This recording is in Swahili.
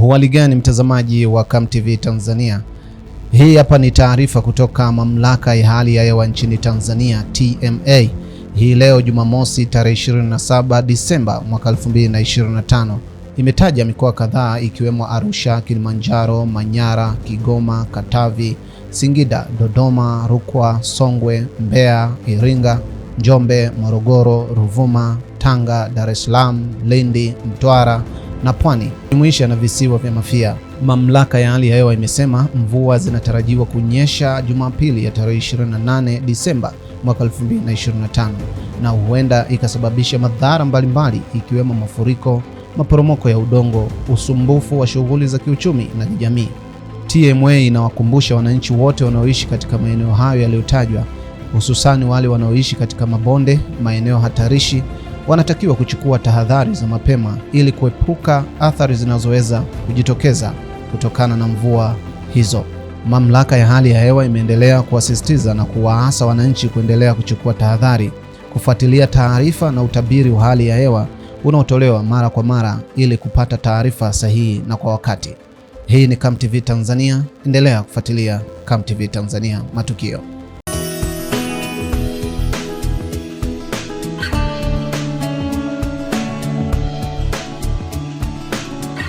Huhali gani mtazamaji wa Come TV Tanzania, hii hapa ni taarifa kutoka mamlaka ya hali ya hewa nchini Tanzania TMA, hii leo Jumamosi tarehe 27 Disemba mwaka 2025 imetaja mikoa kadhaa ikiwemo Arusha, Kilimanjaro, Manyara, Kigoma, Katavi, Singida, Dodoma, Rukwa, Songwe, Mbeya, Iringa, Njombe, Morogoro, Ruvuma, Tanga, Dar es Salaam, Lindi, Mtwara na pwani jumuisha na visiwa vya Mafia. Mamlaka ya hali ya hewa imesema mvua zinatarajiwa kunyesha Jumapili ya tarehe 28 Disemba mwaka 2025 na huenda ikasababisha madhara mbalimbali ikiwemo mafuriko, maporomoko ya udongo, usumbufu wa shughuli za kiuchumi na kijamii. TMA inawakumbusha wananchi wote wanaoishi katika maeneo hayo yaliyotajwa, hususani wale wanaoishi katika mabonde, maeneo hatarishi wanatakiwa kuchukua tahadhari za mapema ili kuepuka athari zinazoweza kujitokeza kutokana na mvua hizo. Mamlaka ya hali ya hewa imeendelea kuwasisitiza na kuwaasa wananchi kuendelea kuchukua tahadhari, kufuatilia taarifa na utabiri wa hali ya hewa unaotolewa mara kwa mara ili kupata taarifa sahihi na kwa wakati. Hii ni Come TV Tanzania, endelea kufuatilia Come TV Tanzania matukio.